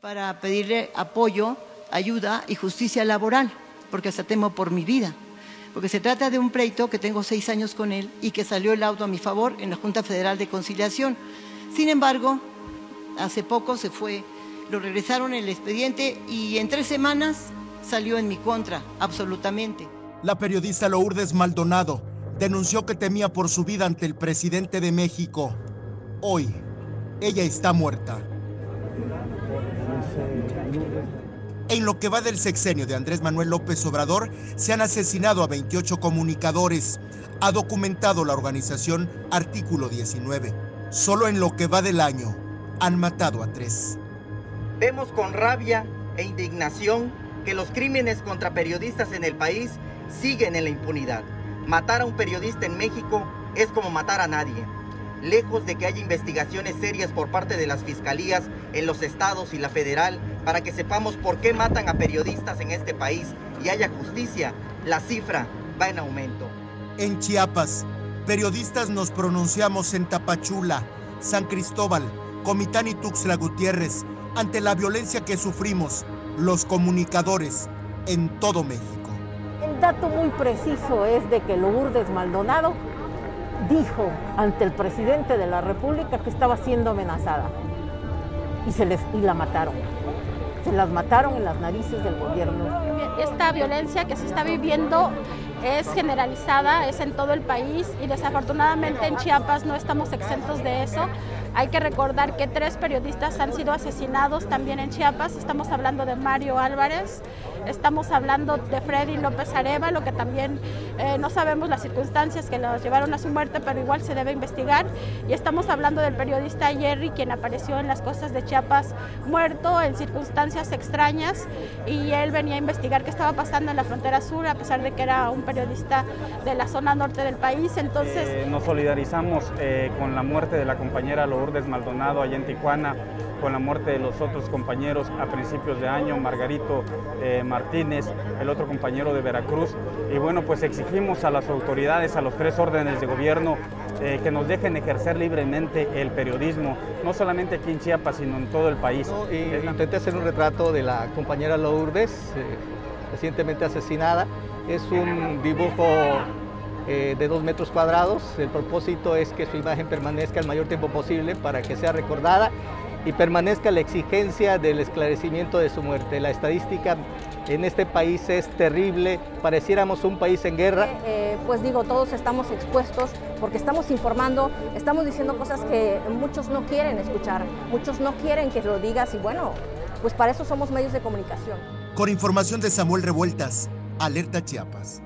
para pedirle apoyo, ayuda y justicia laboral, porque hasta temo por mi vida, porque se trata de un pleito que tengo seis años con él y que salió el auto a mi favor en la Junta Federal de Conciliación. Sin embargo, hace poco se fue, lo regresaron el expediente y en tres semanas salió en mi contra, absolutamente. La periodista Lourdes Maldonado denunció que temía por su vida ante el presidente de México. Hoy, ella está muerta. En lo que va del sexenio de Andrés Manuel López Obrador, se han asesinado a 28 comunicadores, ha documentado la organización Artículo 19. Solo en lo que va del año, han matado a tres. Vemos con rabia e indignación que los crímenes contra periodistas en el país siguen en la impunidad. Matar a un periodista en México es como matar a nadie lejos de que haya investigaciones serias por parte de las fiscalías en los estados y la federal para que sepamos por qué matan a periodistas en este país y haya justicia, la cifra va en aumento. En Chiapas, periodistas nos pronunciamos en Tapachula, San Cristóbal, Comitán y Tuxtla Gutiérrez ante la violencia que sufrimos los comunicadores en todo México. El dato muy preciso es de que Lourdes Maldonado dijo ante el presidente de la República que estaba siendo amenazada y, se les, y la mataron. Se las mataron en las narices del gobierno. Esta violencia que se está viviendo es generalizada, es en todo el país y desafortunadamente en Chiapas no estamos exentos de eso. Hay que recordar que tres periodistas han sido asesinados también en Chiapas. Estamos hablando de Mario Álvarez, estamos hablando de Freddy López Areva, lo que también eh, no sabemos las circunstancias que los llevaron a su muerte, pero igual se debe investigar. Y estamos hablando del periodista Jerry, quien apareció en las costas de Chiapas muerto en circunstancias extrañas y él venía a investigar qué estaba pasando en la frontera sur, a pesar de que era un periodista de la zona norte del país. Entonces, eh, nos solidarizamos eh, con la muerte de la compañera Loro Desmaldonado Maldonado allá en Tijuana, con la muerte de los otros compañeros a principios de año, Margarito eh, Martínez, el otro compañero de Veracruz. Y bueno, pues exigimos a las autoridades, a los tres órdenes de gobierno, eh, que nos dejen ejercer libremente el periodismo, no solamente aquí en Chiapas, sino en todo el país. intenté hacer un retrato de la compañera Lourdes, eh, recientemente asesinada. Es un dibujo eh, de dos metros cuadrados. El propósito es que su imagen permanezca el mayor tiempo posible para que sea recordada y permanezca la exigencia del esclarecimiento de su muerte. La estadística en este país es terrible, pareciéramos un país en guerra. Eh, eh, pues digo, todos estamos expuestos porque estamos informando, estamos diciendo cosas que muchos no quieren escuchar, muchos no quieren que lo digas y bueno, pues para eso somos medios de comunicación. Con información de Samuel Revueltas, Alerta Chiapas.